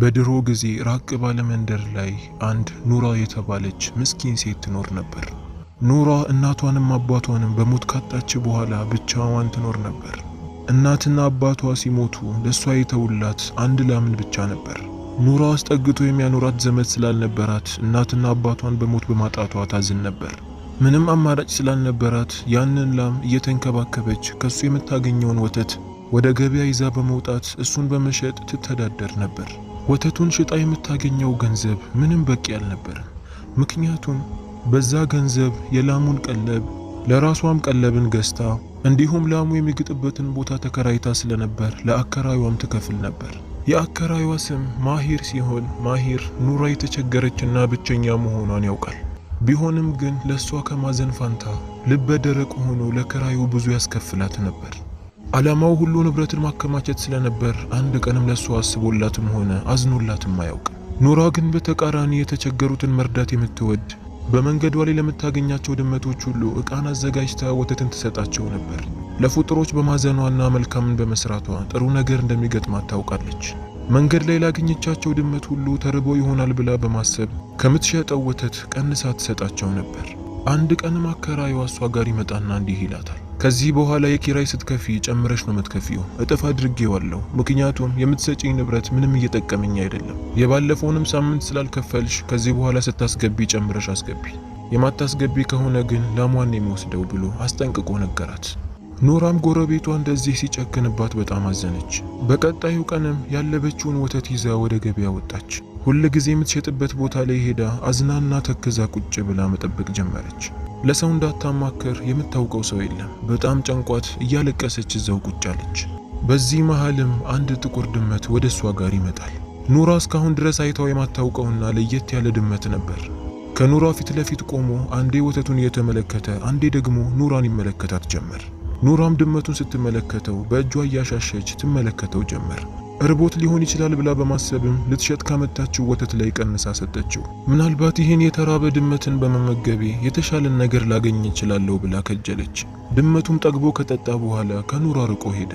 በድሮ ጊዜ ራቅ ባለ መንደር ላይ አንድ ኑራ የተባለች ምስኪን ሴት ትኖር ነበር። ኑራ እናቷንም አባቷንም በሞት ካጣች በኋላ ብቻዋን ትኖር ነበር። እናትና አባቷ ሲሞቱ ለእሷ የተውላት አንድ ላምን ብቻ ነበር። ኑራ አስጠግቶ የሚያኖራት ዘመድ ስላልነበራት እናትና አባቷን በሞት በማጣቷ ታዝን ነበር። ምንም አማራጭ ስላልነበራት ያንን ላም እየተንከባከበች ከሱ የምታገኘውን ወተት ወደ ገበያ ይዛ በመውጣት እሱን በመሸጥ ትተዳደር ነበር። ወተቱን ሽጣ የምታገኘው ገንዘብ ምንም በቂ አልነበረም። ምክንያቱም በዛ ገንዘብ የላሙን ቀለብ ለራሷም ቀለብን ገዝታ እንዲሁም ላሙ የሚግጥበትን ቦታ ተከራይታ ስለነበር ለአከራዩም ትከፍል ነበር። የአከራዩዋ ስም ማሂር ሲሆን ማሂር ኑራ የተቸገረችና ብቸኛ መሆኗን ያውቃል። ቢሆንም ግን ለእሷ ከማዘን ፋንታ ልበ ደረቅ ሆኖ ለከራዩ ብዙ ያስከፍላት ነበር። ዓላማው ሁሉ ንብረትን ማከማቸት ስለነበር አንድ ቀንም ለእሷ አስቦላትም ሆነ አዝኖላትም አያውቅም። ኖራ ግን በተቃራኒ የተቸገሩትን መርዳት የምትወድ በመንገዷ ላይ ለምታገኛቸው ድመቶች ሁሉ ዕቃን አዘጋጅታ ወተትን ትሰጣቸው ነበር። ለፍጡሮች በማዘኗና መልካምን በመስራቷ ጥሩ ነገር እንደሚገጥማት ታውቃለች። መንገድ ላይ ላገኘቻቸው ድመት ሁሉ ተርቦ ይሆናል ብላ በማሰብ ከምትሸጠው ወተት ቀንሳ ትሰጣቸው ነበር። አንድ ቀንም አከራዩ እሷ ጋር ይመጣና እንዲህ ይላታል ከዚህ በኋላ የኪራይ ስትከፊ ጨምረሽ ነው የምትከፊው። እጥፍ አድርጌዋለሁ። ምክንያቱም የምትሰጪኝ ንብረት ምንም እየጠቀመኝ አይደለም። የባለፈውንም ሳምንት ስላልከፈልሽ ከዚህ በኋላ ስታስገቢ ጨምረሽ አስገቢ፣ የማታስገቢ ከሆነ ግን ላሟን የሚወስደው ብሎ አስጠንቅቆ ነገራት። ኖራም ጎረቤቷ እንደዚህ ሲጨክንባት በጣም አዘነች። በቀጣዩ ቀንም ያለበችውን ወተት ይዛ ወደ ገበያ ወጣች። ሁል ጊዜ የምትሸጥበት ቦታ ላይ ሄዳ አዝናና ተክዛ ቁጭ ብላ መጠበቅ ጀመረች። ለሰው እንዳታማከር የምታውቀው ሰው የለም። በጣም ጨንቋት እያለቀሰች እዛው ቁጭ አለች። በዚህ መሃልም አንድ ጥቁር ድመት ወደ እሷ ጋር ይመጣል። ኑራ እስካሁን ድረስ አይታው የማታውቀውና ለየት ያለ ድመት ነበር። ከኑራ ፊት ለፊት ቆሞ አንዴ ወተቱን እየተመለከተ አንዴ ደግሞ ኑራን ይመለከታት ጀመር። ኑራም ድመቱን ስትመለከተው በእጇ እያሻሸች ትመለከተው ጀመር። እርቦት ሊሆን ይችላል ብላ በማሰብም ልትሸጥ ካመጣችው ወተት ላይ ቀንሳ ሰጠችው። ምናልባት ይህን የተራበ ድመትን በመመገቤ የተሻለን ነገር ላገኝ እችላለሁ ብላ ከጀለች። ድመቱም ጠግቦ ከጠጣ በኋላ ከኑራ ርቆ ሄደ።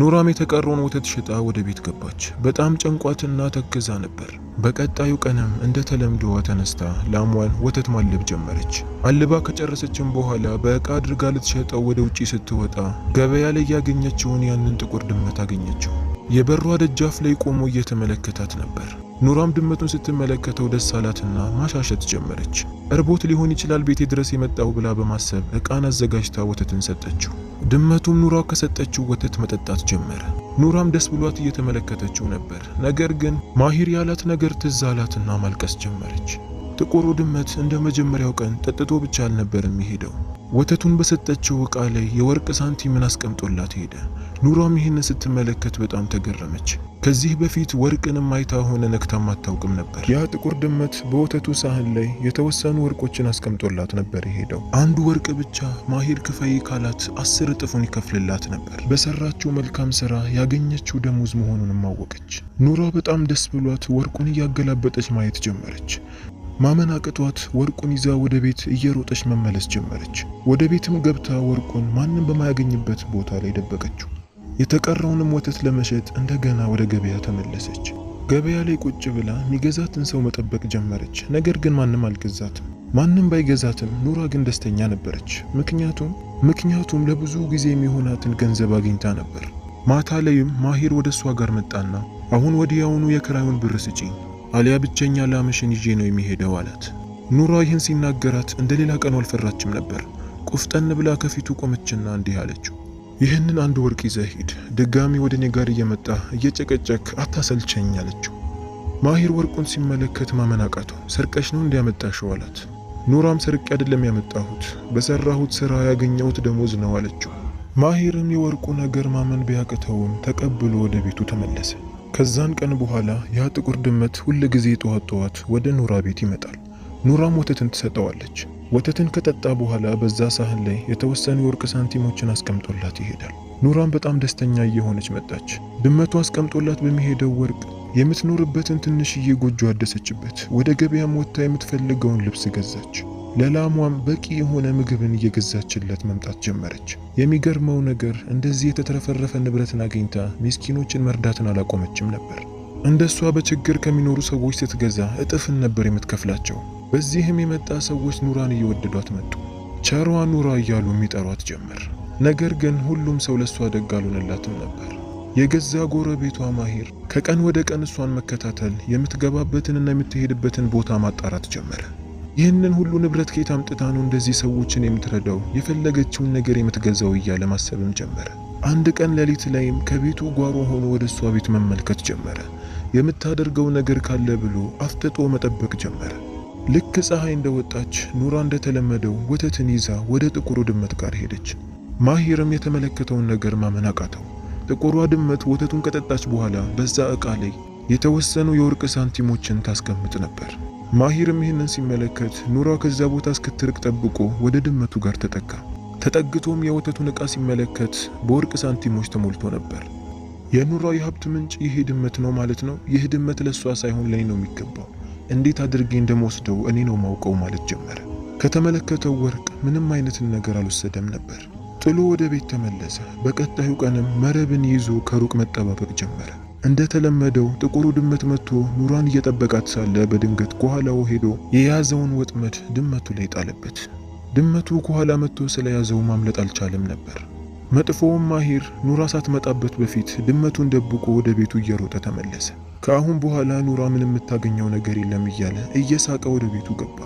ኑራም የተቀረውን ወተት ሽጣ ወደ ቤት ገባች። በጣም ጨንቋትና ተክዛ ነበር። በቀጣዩ ቀንም እንደ ተለምዶዋ ተነስታ ላሟን ወተት ማለብ ጀመረች። አልባ ከጨረሰችም በኋላ በእቃ አድርጋ ልትሸጠው ወደ ውጪ ስትወጣ ገበያ ላይ ያገኘችውን ያንን ጥቁር ድመት አገኘችው። የበሯ ደጃፍ ላይ ቆሞ እየተመለከታት ነበር። ኑራም ድመቱን ስትመለከተው ደስ አላትና ማሻሸት ጀመረች። እርቦት ሊሆን ይችላል ቤቴ ድረስ የመጣው ብላ በማሰብ ዕቃን አዘጋጅታ ወተትን ሰጠችው። ድመቱም ኑራ ከሰጠችው ወተት መጠጣት ጀመረ። ኑራም ደስ ብሏት እየተመለከተችው ነበር። ነገር ግን ማሂር ያላት ነገር ትዝ አላትና ማልቀስ ጀመረች። ጥቁሩ ድመት እንደ መጀመሪያው ቀን ጠጥቶ ብቻ አልነበር የሚሄደው። ወተቱን በሰጠችው እቃ ላይ የወርቅ ሳንቲምን አስቀምጦላት ሄደ። ኑሯም ይህንን ስትመለከት በጣም ተገረመች። ከዚህ በፊት ወርቅንም አይታ ሆነ ነክታም አታውቅም ነበር። ያ ጥቁር ድመት በወተቱ ሳህን ላይ የተወሰኑ ወርቆችን አስቀምጦላት ነበር የሄደው። አንዱ ወርቅ ብቻ ማሄድ ክፈይ ካላት አስር እጥፉን ይከፍልላት ነበር። በሰራችው መልካም ስራ ያገኘችው ደሞዝ መሆኑንም አወቀች። ኑሯ በጣም ደስ ብሏት ወርቁን እያገላበጠች ማየት ጀመረች። ማመን አቅቷት ወርቁን ይዛ ወደ ቤት እየሮጠች መመለስ ጀመረች። ወደ ቤትም ገብታ ወርቁን ማንም በማያገኝበት ቦታ ላይ ደበቀችው። የተቀረውንም ወተት ለመሸጥ እንደገና ወደ ገበያ ተመለሰች። ገበያ ላይ ቁጭ ብላ የሚገዛትን ሰው መጠበቅ ጀመረች። ነገር ግን ማንም አልገዛትም። ማንም ባይገዛትም ኑራ ግን ደስተኛ ነበረች። ምክንያቱም ምክንያቱም ለብዙ ጊዜ የሚሆናትን ገንዘብ አግኝታ ነበር። ማታ ላይም ማሂር ወደ እሷ ጋር መጣና አሁን ወዲያውኑ የክራዩን ብር ስጪኝ አሊያ ብቸኛ ላምሽን ይዤ ነው የሚሄደው አላት። ኑራ ይህን ሲናገራት እንደ ሌላ ቀኑ አልፈራችም ነበር። ቁፍጠን ብላ ከፊቱ ቆመችና እንዲህ አለችው፣ ይህንን አንድ ወርቅ ይዘህ ሂድ፣ ድጋሚ ወደ እኔ ጋር እየመጣ እየጨቀጨክ አታሰልቸኝ አለችው። ማሂር ወርቁን ሲመለከት ማመን አቃተው። ሰርቀሽ ነው እንዲያመጣሽው አላት። ኑራም ሰርቄ አይደለም ያመጣሁት በሰራሁት ስራ ያገኘሁት ደሞዝ ነው አለችው። ማሂርም የወርቁ ነገር ማመን ቢያቅተውም ተቀብሎ ወደ ቤቱ ተመለሰ። ከዛን ቀን በኋላ ያ ጥቁር ድመት ሁል ጊዜ ጠዋት ጠዋት ወደ ኑራ ቤት ይመጣል። ኑራም ወተትን ትሰጠዋለች። ወተትን ከጠጣ በኋላ በዛ ሳህን ላይ የተወሰኑ የወርቅ ሳንቲሞችን አስቀምጦላት ይሄዳል። ኑራም በጣም ደስተኛ እየሆነች መጣች። ድመቱ አስቀምጦላት በሚሄደው ወርቅ የምትኖርበትን ትንሽዬ ጎጆ አደሰችበት። ወደ ገበያም ወጥታ የምትፈልገውን ልብስ ገዛች። ለላሟም በቂ የሆነ ምግብን እየገዛችለት መምጣት ጀመረች። የሚገርመው ነገር እንደዚህ የተትረፈረፈ ንብረትን አግኝታ ሚስኪኖችን መርዳትን አላቆመችም ነበር። እንደሷ በችግር ከሚኖሩ ሰዎች ስትገዛ እጥፍን ነበር የምትከፍላቸው። በዚህም የመጣ ሰዎች ኑራን እየወደዷት መጡ። ቸሯ ኑራ እያሉ የሚጠሯት ጀመር። ነገር ግን ሁሉም ሰው ለእሷ ደግ አልሆነላትም ነበር። የገዛ ጎረቤቷ ማሂር ከቀን ወደ ቀን እሷን መከታተል፣ የምትገባበትንና የምትሄድበትን ቦታ ማጣራት ጀመረ። ይህንን ሁሉ ንብረት ከየት አምጥታ ነው እንደዚህ ሰዎችን የምትረዳው የፈለገችውን ነገር የምትገዛው እያለ ማሰብም ጀመረ። አንድ ቀን ሌሊት ላይም ከቤቱ ጓሮ ሆኖ ወደ እሷ ቤት መመልከት ጀመረ። የምታደርገው ነገር ካለ ብሎ አፍጥጦ መጠበቅ ጀመረ። ልክ ፀሐይ እንደወጣች ኑራ እንደተለመደው ወተትን ይዛ ወደ ጥቁሩ ድመት ጋር ሄደች። ማሂርም የተመለከተውን ነገር ማመን አቃተው። ጥቁሯ ድመት ወተቱን ከጠጣች በኋላ በዛ ዕቃ ላይ የተወሰኑ የወርቅ ሳንቲሞችን ታስቀምጥ ነበር። ማሂርም ይህንን ሲመለከት ኑራ ከዛ ቦታ እስክትርቅ ጠብቆ ወደ ድመቱ ጋር ተጠጋ። ተጠግቶም የወተቱን ዕቃ ሲመለከት በወርቅ ሳንቲሞች ተሞልቶ ነበር። የኑራ የሀብት ምንጭ ይሄ ድመት ነው ማለት ነው። ይህ ድመት ለእሷ ሳይሆን ለእኔ ነው የሚገባው። እንዴት አድርጌ እንደመወስደው እኔ ነው ማውቀው ማለት ጀመረ። ከተመለከተው ወርቅ ምንም አይነትን ነገር አልወሰደም ነበር። ጥሎ ወደ ቤት ተመለሰ። በቀጣዩ ቀንም መረብን ይዞ ከሩቅ መጠባበቅ ጀመረ። እንደተለመደው ጥቁሩ ድመት መጥቶ ኑሯን እየጠበቃት ሳለ በድንገት ከኋላው ሄዶ የያዘውን ወጥመድ ድመቱ ላይ ጣለበት። ድመቱ ከኋላ መጥቶ ስለያዘው ማምለጥ አልቻለም ነበር። መጥፎውም ማሂር ኑራ ሳትመጣበት በፊት ድመቱን ደብቆ ወደ ቤቱ እየሮጠ ተመለሰ። ከአሁን በኋላ ኑራ ምን የምታገኘው ነገር የለም እያለ እየሳቀ ወደ ቤቱ ገባ።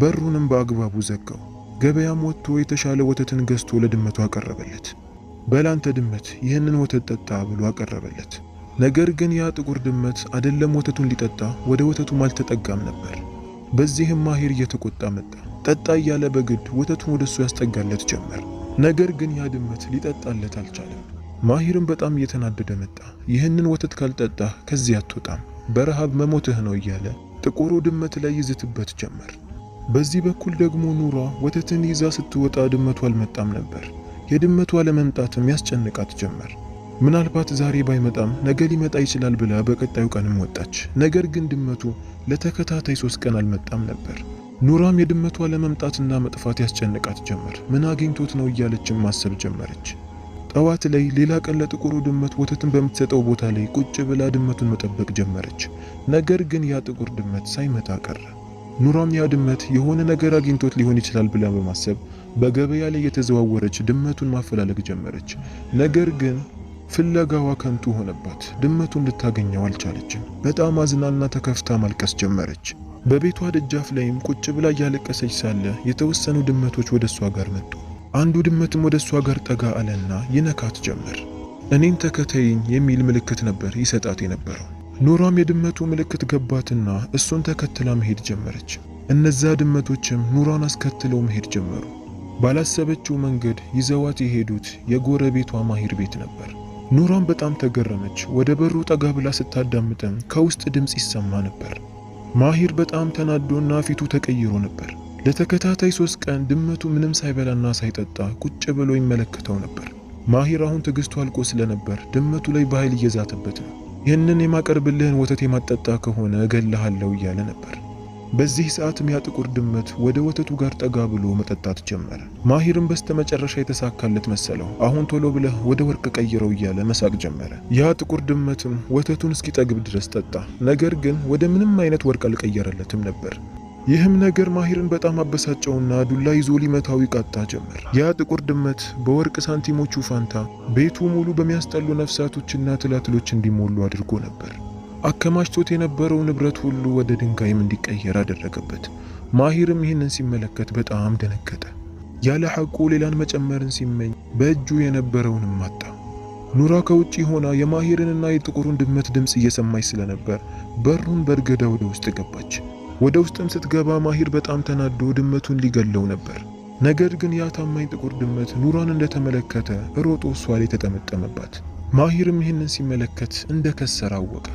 በሩንም በአግባቡ ዘጋው። ገበያም ወጥቶ የተሻለ ወተትን ገዝቶ ለድመቱ አቀረበለት። በላንተ ድመት ይህንን ወተት ጠጣ ብሎ አቀረበለት። ነገር ግን ያ ጥቁር ድመት አይደለም ወተቱን ሊጠጣ ወደ ወተቱም አልተጠጋም ነበር። በዚህም ማሂር እየተቆጣ መጣ። ጠጣ እያለ በግድ ወተቱን ወደሱ ያስጠጋለት ጀመር። ነገር ግን ያ ድመት ሊጠጣለት አልቻለም። ማሂርም በጣም እየተናደደ መጣ። ይህንን ወተት ካልጠጣ ከዚህ አትወጣም፣ በረሃብ መሞትህ ነው እያለ ጥቁሩ ድመት ላይ ይዝትበት ጀመር። በዚህ በኩል ደግሞ ኑሯ ወተትን ይዛ ስትወጣ ድመቱ አልመጣም ነበር። የድመቱ አለመምጣትም ያስጨንቃት ጀመር። ምናልባት ዛሬ ባይመጣም ነገ ሊመጣ ይችላል ብላ በቀጣዩ ቀንም ወጣች። ነገር ግን ድመቱ ለተከታታይ ሶስት ቀን አልመጣም ነበር። ኑራም የድመቷ ለመምጣትና መጥፋት ያስጨንቃት ጀመር። ምን አግኝቶት ነው እያለችም ማሰብ ጀመረች። ጠዋት ላይ ሌላ ቀን ለጥቁሩ ድመት ወተትን በምትሰጠው ቦታ ላይ ቁጭ ብላ ድመቱን መጠበቅ ጀመረች። ነገር ግን ያ ጥቁር ድመት ሳይመጣ ቀረ። ኑራም ያ ድመት የሆነ ነገር አግኝቶት ሊሆን ይችላል ብላ በማሰብ በገበያ ላይ የተዘዋወረች ድመቱን ማፈላለግ ጀመረች። ነገር ግን ፍለጋዋ ከንቱ ሆነባት። ድመቱ እንድታገኘው አልቻለችም። በጣም አዝናና ተከፍታ ማልቀስ ጀመረች። በቤቷ ደጃፍ ላይም ቁጭ ብላ እያለቀሰች ሳለ የተወሰኑ ድመቶች ወደ እሷ ጋር መጡ። አንዱ ድመትም ወደ እሷ ጋር ጠጋ አለና ይነካት ጀመር። እኔን ተከተይኝ የሚል ምልክት ነበር ይሰጣት የነበረው። ኑሯም የድመቱ ምልክት ገባትና እሱን ተከትላ መሄድ ጀመረች። እነዛ ድመቶችም ኑሯን አስከትለው መሄድ ጀመሩ። ባላሰበችው መንገድ ይዘዋት የሄዱት የጎረቤቷ ማሂር ቤት ነበር። ኑራም በጣም ተገረመች። ወደ በሩ ጠጋ ብላ ስታዳምጥም ከውስጥ ድምፅ ይሰማ ነበር። ማሂር በጣም ተናዶና ፊቱ ተቀይሮ ነበር። ለተከታታይ ሶስት ቀን ድመቱ ምንም ሳይበላና ሳይጠጣ ቁጭ ብሎ ይመለከተው ነበር። ማሂር አሁን ትዕግስቱ አልቆ ስለነበር ድመቱ ላይ በኃይል እየዛተበት ነው። ይህንን የማቀርብልህን ወተት የማጠጣ ከሆነ እገልሃለሁ እያለ ነበር። በዚህ ሰዓት ሚያ ጥቁር ድመት ወደ ወተቱ ጋር ጠጋ ብሎ መጠጣት ጀመረ። ማሂርም በስተመጨረሻ የተሳካለት መሰለው። አሁን ቶሎ ብለህ ወደ ወርቅ ቀይረው እያለ መሳቅ ጀመረ። ያ ጥቁር ድመትም ወተቱን እስኪጠግብ ድረስ ጠጣ። ነገር ግን ወደ ምንም አይነት ወርቅ አልቀየረለትም ነበር። ይህም ነገር ማሂርን በጣም አበሳጨውና ዱላ ይዞ ሊመታው ይቃጣ ጀመር። ያ ጥቁር ድመት በወርቅ ሳንቲሞቹ ፋንታ ቤቱ ሙሉ በሚያስጠሉ ነፍሳቶችና ትላትሎች እንዲሞሉ አድርጎ ነበር። አከማችቶት የነበረው ንብረት ሁሉ ወደ ድንጋይም እንዲቀየር አደረገበት። ማሂርም ይህንን ሲመለከት በጣም ደነገጠ። ያለ ሐቁ ሌላን መጨመርን ሲመኝ በእጁ የነበረውንም አጣ። ኑራ ከውጭ ሆና የማሂርንና የጥቁሩን ድመት ድምፅ እየሰማች ስለነበር በሩን በእርግዳ ወደ ውስጥ ገባች። ወደ ውስጥም ስትገባ ማሂር በጣም ተናዶ ድመቱን ሊገለው ነበር። ነገር ግን ያ ታማኝ ጥቁር ድመት ኑራን እንደተመለከተ ሮጦ እሷ ላይ ተጠመጠመባት። ማሂርም ይህንን ሲመለከት እንደ ከሰር አወቀ።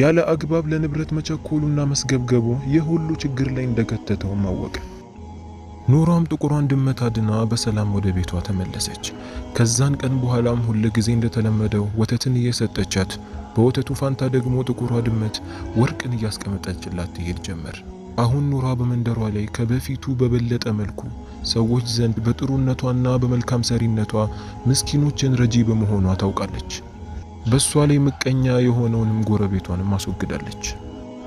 ያለ አግባብ ለንብረት መቸኮሉና መስገብገቡ የሁሉ ሁሉ ችግር ላይ እንደከተተው አወቀ። ኑሯም ጥቁሯን ድመት አድና በሰላም ወደ ቤቷ ተመለሰች። ከዛን ቀን በኋላም ሁል ጊዜ እንደተለመደው ወተትን እየሰጠቻት፣ በወተቱ ፋንታ ደግሞ ጥቁሯ ድመት ወርቅን እያስቀመጠችላት ትሄድ ጀመር። አሁን ኑሯ በመንደሯ ላይ ከበፊቱ በበለጠ መልኩ ሰዎች ዘንድ በጥሩነቷና በመልካም ሰሪነቷ ምስኪኖችን ረጂ በመሆኗ ታውቃለች። በእሷ ላይ ምቀኛ የሆነውንም ጎረቤቷንም አስወግዳለች።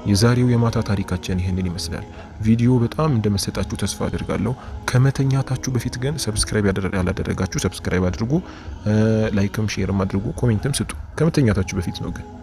የዛሬው የማታ ታሪካችን ይህንን ይመስላል። ቪዲዮ በጣም እንደመሰጣችሁ ተስፋ አድርጋለሁ። ከመተኛታችሁ በፊት ግን ሰብስክራይብ ያላደረጋችሁ ሰብስክራይብ አድርጉ፣ ላይክም ሼርም አድርጉ፣ ኮሜንትም ስጡ። ከመተኛታችሁ በፊት ነው ግን